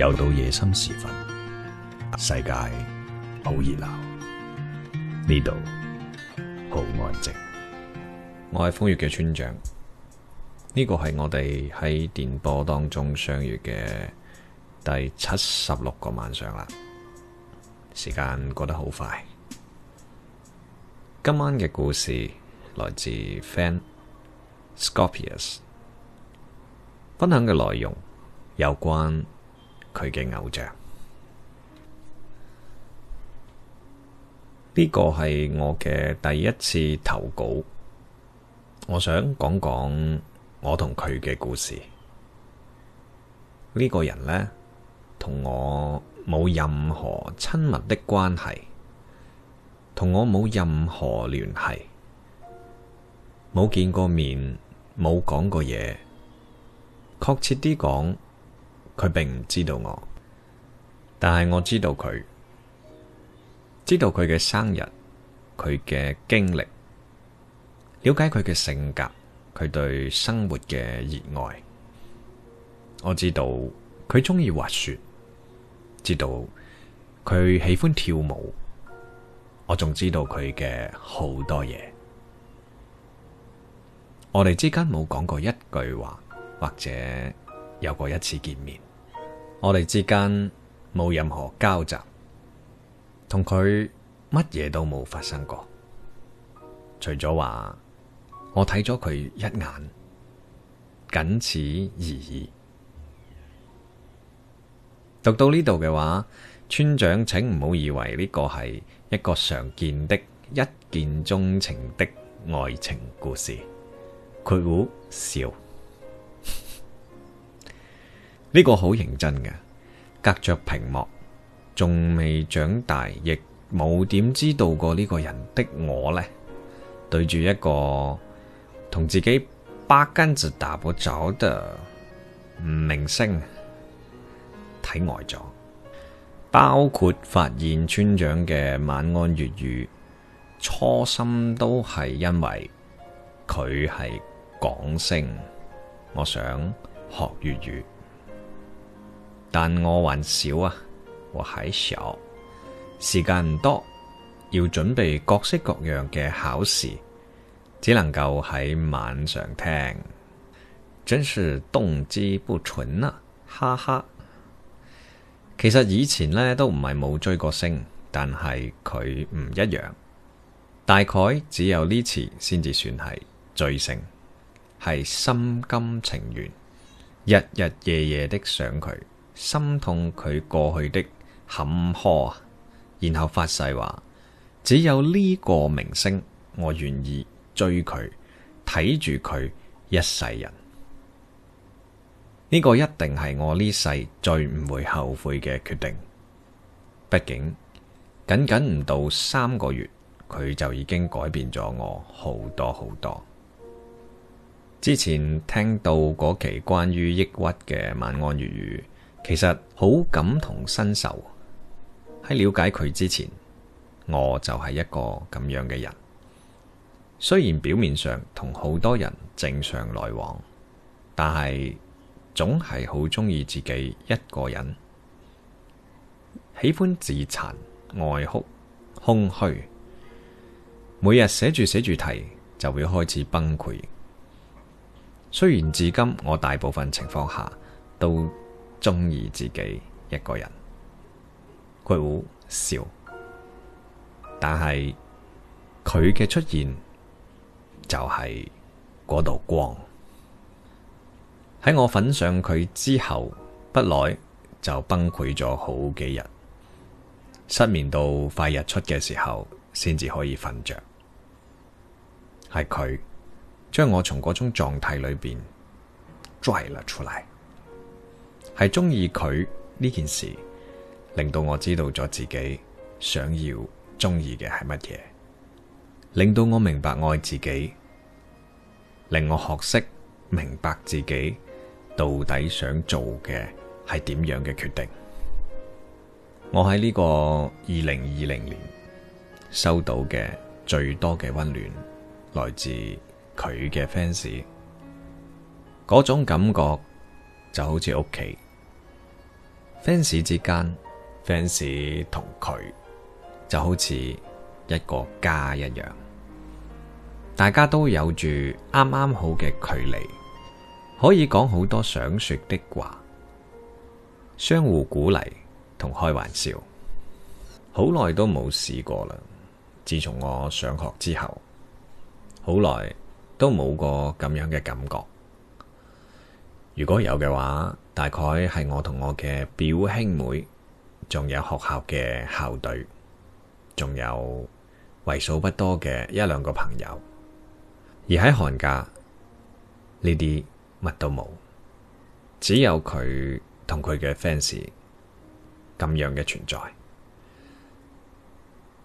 又到夜深時分，世界好熱鬧，呢度好安靜。我係瘋粵嘅村長，呢個係我哋喺電波當中相遇嘅第七十六個晚上啦。時間過得好快，今晚嘅故事來自 Fan Scorpius，分享嘅內容有關。佢嘅偶像，呢個係我嘅第一次投稿。我想講講我同佢嘅故事。呢個人呢，同我冇任何親密的關係，同我冇任何聯繫，冇見過面，冇講過嘢。確切啲講。佢並唔知道我，但係我知道佢，知道佢嘅生日，佢嘅經歷，了解佢嘅性格，佢對生活嘅熱愛。我知道佢中意滑雪，知道佢喜歡跳舞，我仲知道佢嘅好多嘢。我哋之間冇講過一句話，或者有過一次見面。我哋之間冇任何交集，同佢乜嘢都冇發生過，除咗話我睇咗佢一眼，僅此而已。讀到呢度嘅話，村長請唔好以為呢個係一個常見的一見鍾情的愛情故事。括弧笑。呢個好認真嘅，隔着屏幕，仲未長大，亦冇點知道過呢個人的我咧，對住一個同自己八竿子打不着的明星，睇呆咗。包括發現村長嘅晚安粵語，初心都係因為佢係港星。我想學粵語。但我還小啊，我還小，時間唔多，要準備各式各樣嘅考試，只能夠喺晚上聽，真是動機不純啊！哈哈。其實以前呢都唔係冇追過星，但係佢唔一樣，大概只有呢次先至算係追星，係心甘情願，日日夜夜的想佢。心痛佢過去的坎坷，然後發誓話：只有呢個明星，我願意追佢，睇住佢一世人。呢個一定係我呢世最唔會後悔嘅決定。畢竟，僅僅唔到三個月，佢就已經改變咗我好多好多。之前聽到嗰期關於抑鬱嘅晚安粵語。其實好感同身受，喺了解佢之前，我就係一個咁樣嘅人。雖然表面上同好多人正常來往，但係總係好鍾意自己一個人，喜歡自殘、愛哭、空虛，每日寫住寫住題就會開始崩潰。雖然至今我大部分情況下都中意自己一個人，佢笑，但係佢嘅出現就係嗰道光。喺我粉上佢之後，不耐就崩潰咗好幾日，失眠到快日出嘅時候先至可以瞓着。係佢將我從嗰種狀態裏邊拽了出嚟。係中意佢呢件事，令到我知道咗自己想要中意嘅係乜嘢，令到我明白愛自己，令我學識明白自己到底想做嘅係點樣嘅決定。我喺呢個二零二零年收到嘅最多嘅溫暖，來自佢嘅 fans，嗰種感覺就好似屋企。fans 之間，fans 同佢就好似一個家一樣，大家都有住啱啱好嘅距離，可以講好多想說的話，相互鼓勵同開玩笑，好耐都冇試過啦。自從我上學之後，好耐都冇過咁樣嘅感覺。如果有嘅話，大概係我同我嘅表兄妹，仲有學校嘅校隊，仲有為數不多嘅一兩個朋友。而喺寒假呢啲乜都冇，只有佢同佢嘅 fans 咁樣嘅存在。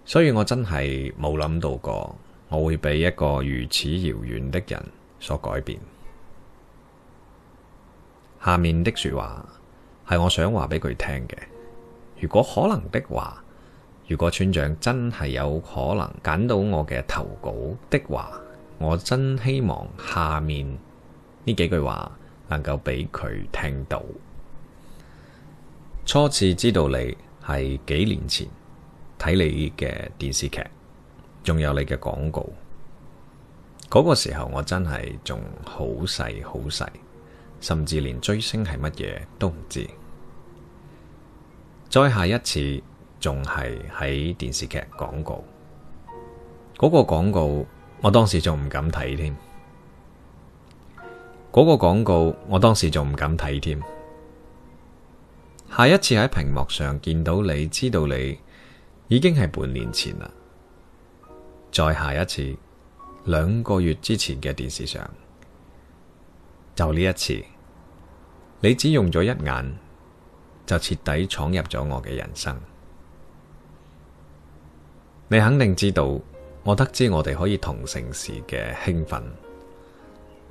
所以我真係冇諗到過我會被一個如此遙遠的人所改變。下面的說話係我想話俾佢聽嘅。如果可能的話，如果村長真係有可能揀到我嘅投稿的話，我真希望下面呢幾句話能夠俾佢聽到。初次知道你係幾年前睇你嘅電視劇，仲有你嘅廣告。嗰個時候我真係仲好細好細。甚至連追星係乜嘢都唔知。再下一次仲係喺電視劇廣告，嗰個廣告我當時仲唔敢睇添。嗰個廣告我當時仲唔敢睇添。下一次喺屏幕上見到你，知道你已經係半年前啦。再下一次，兩個月之前嘅電視上。就呢一次，你只用咗一眼，就徹底闖入咗我嘅人生。你肯定知道，我得知我哋可以同城時嘅興奮，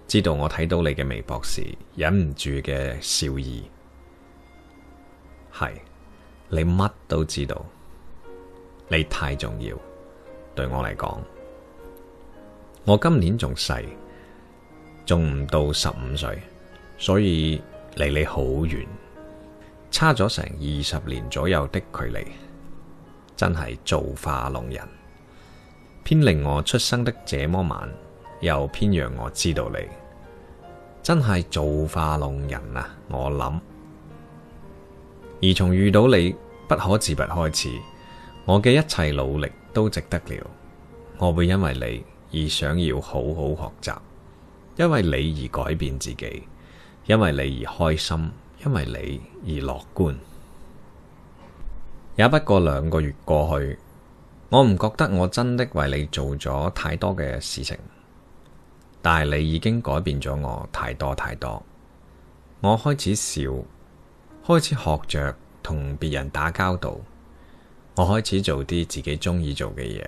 知道我睇到你嘅微博時忍唔住嘅笑意。係，你乜都知道，你太重要，對我嚟講。我今年仲細。仲唔到十五歲，所以離你好遠，差咗成二十年左右的距離，真係造化弄人，偏令我出生得這麼晚，又偏讓我知道你，真係造化弄人啊，我諗。而從遇到你不可自拔開始，我嘅一切努力都值得了。我會因為你而想要好好學習。因為你而改變自己，因為你而開心，因為你而樂觀，也不過兩個月過去，我唔覺得我真的為你做咗太多嘅事情，但係你已經改變咗我太多太多。我開始笑，開始學着同別人打交道，我開始做啲自己中意做嘅嘢，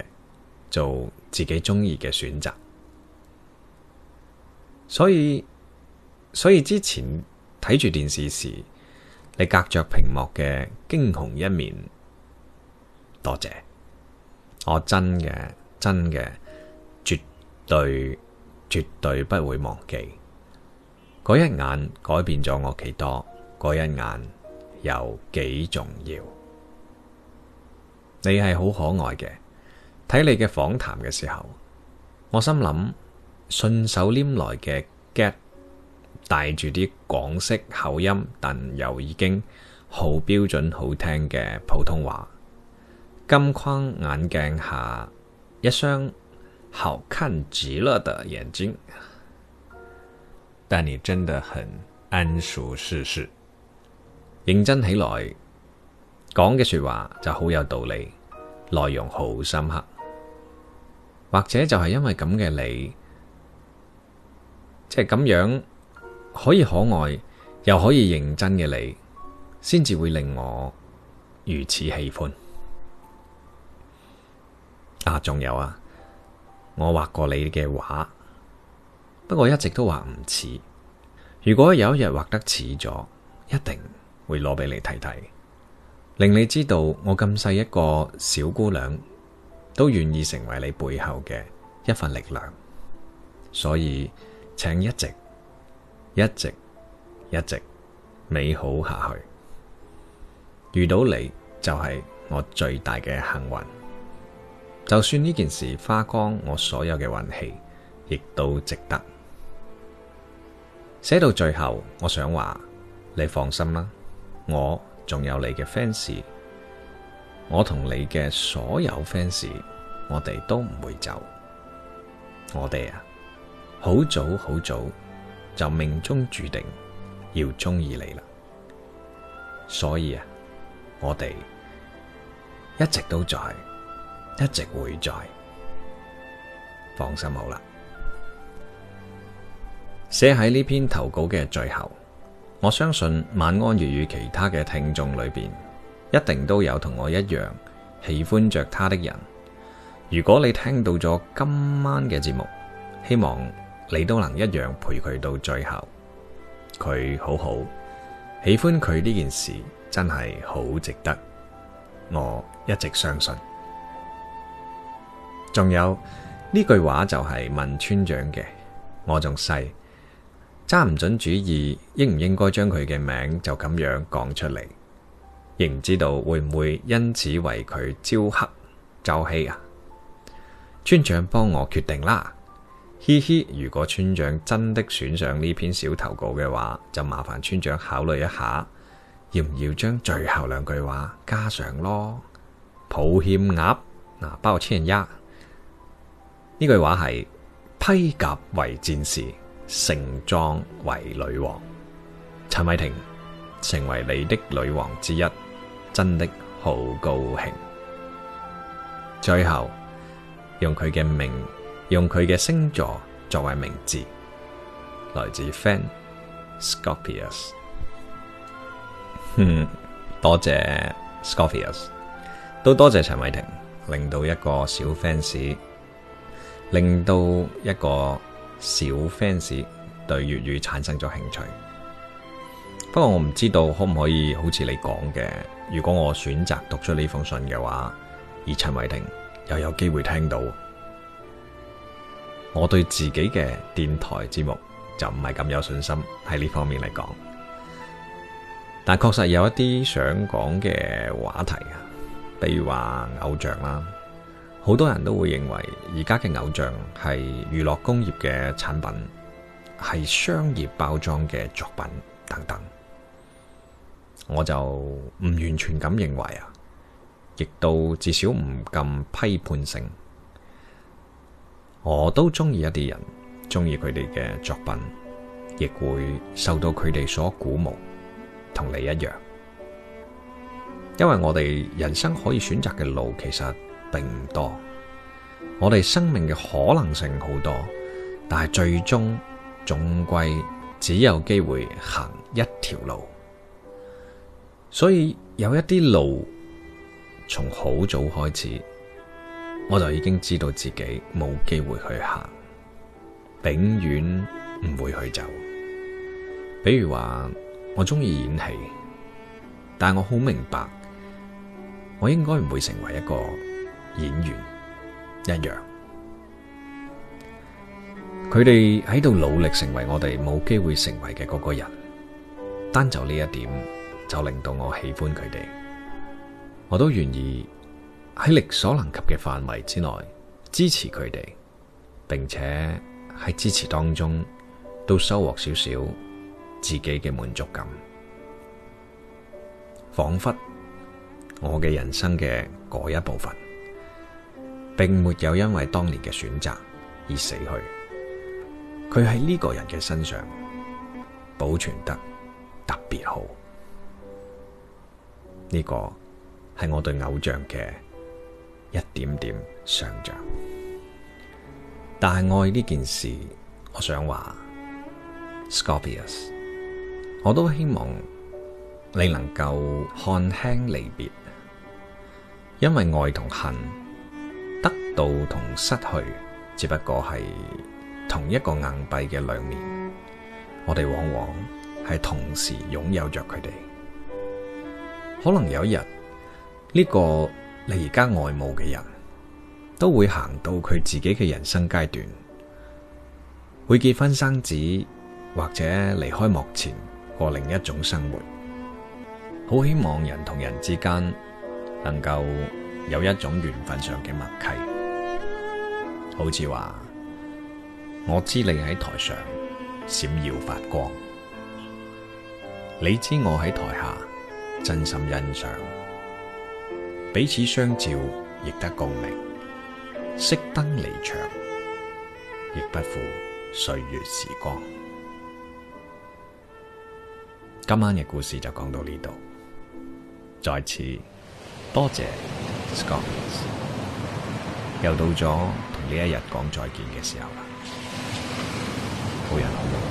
做自己中意嘅選擇。所以，所以之前睇住電視時，你隔着屏幕嘅驚鴻一面，多謝。我真嘅，真嘅，絕對，絕對不會忘記嗰一眼改變咗我幾多，嗰一眼有幾重要。你係好可愛嘅，睇你嘅訪談嘅時候，我心諗。順手拈來嘅梗，帶住啲港式口音，但又已經好標準、好聽嘅普通話。金框眼鏡下，一雙好看極了的眼睛。但你真的很諳熟世事，認真起來講嘅說話就好有道理，內容好深刻。或者就係因為咁嘅你。即係咁樣可以可愛又可以認真嘅你，先至會令我如此喜歡啊。仲有啊，我畫過你嘅畫，不過一直都畫唔似。如果有一日畫得似咗，一定會攞俾你睇睇，令你知道我咁細一個小姑娘都願意成為你背後嘅一份力量，所以。請一直、一直、一直美好下去。遇到你就係我最大嘅幸運。就算呢件事花光我所有嘅運氣，亦都值得。寫到最後，我想話你放心啦，我仲有你嘅 fans，我同你嘅所有 fans，我哋都唔會走。我哋啊～好早好早就命中注定要鍾意你啦，所以啊，我哋一直都在，一直會在，放心好啦。寫喺呢篇投稿嘅最後，我相信晚安粵語其他嘅聽眾裏邊，一定都有同我一樣喜歡着他的人。如果你聽到咗今晚嘅節目，希望，你都能一樣陪佢到最後，佢好好，喜歡佢呢件事真係好值得，我一直相信。仲有呢句話就係問村長嘅，我仲細揸唔準主意，應唔應該將佢嘅名就咁樣講出嚟？亦唔知道會唔會因此為佢招黑、招氣啊？村長幫我決定啦。嘻嘻，如果村長真的選上呢篇小投稿嘅話，就麻煩村長考慮一下，要唔要將最後兩句話加上咯？抱歉鴨，鴨嗱包括千人一呢句話係披甲為戰士，盛裝為女皇。陳偉霆成為你的女皇之一，真的好高興。最後用佢嘅名，用佢嘅星座作為名字，來自 Fan Scorpius 嗯， 多謝 Scorpius 都多謝陳偉霆，令到一個小 fans，令到一個小 fans 對粵語產生咗興趣。不過我唔知道可唔可以好似你講嘅，如果我選擇讀出呢封信嘅話，而陳偉霆又有機會聽到。我對自己嘅電台節目就唔係咁有信心，喺呢方面嚟講，但確實有一啲想講嘅話題啊，比如話偶像啦，好多人都會認為而家嘅偶像係娛樂工業嘅產品，係商業包裝嘅作品等等，我就唔完全咁認為啊，亦都至少唔咁批判性。我都中意一啲人，中意佢哋嘅作品，亦會受到佢哋所鼓舞，同你一樣。因為我哋人生可以選擇嘅路其實並唔多，我哋生命嘅可能性好多，但係最終總歸只有機會行一條路，所以有一啲路從好早開始。我就已經知道自己冇機會去行，永遠唔會去走。比如話，我中意演戲，但我好明白，我應該唔會成為一個演員一樣。佢哋喺度努力成為我哋冇機會成為嘅嗰個人，單就呢一點就令到我喜歡佢哋，我都願意。喺力所能及嘅範圍之內支持佢哋，並且喺支持當中都收穫少少自己嘅滿足感，仿佛我嘅人生嘅嗰一部分，並沒有因為當年嘅選擇而死去。佢喺呢個人嘅身上保存得特別好，呢個係我對偶像嘅。一點點想象，但係愛呢件事，我想話 Scorpius，我都希望你能夠看輕離別，因為愛同恨，得到同失去，只不過係同一個硬幣嘅兩面，我哋往往係同時擁有着佢哋，可能有一日呢個。你而家外務嘅人都會行到佢自己嘅人生階段，會結婚生子，或者離開幕前過另一種生活。好希望人同人之間能夠有一種緣分上嘅默契，好似話我知你喺台上閃耀發光，你知我喺台下真心欣賞。彼此相照，亦得共鳴；熄燈離場，亦不負歲月時光。今晚嘅故事就講到呢度，再次多謝 Scott，又到咗同呢一日講再見嘅時候啦，好人好夢。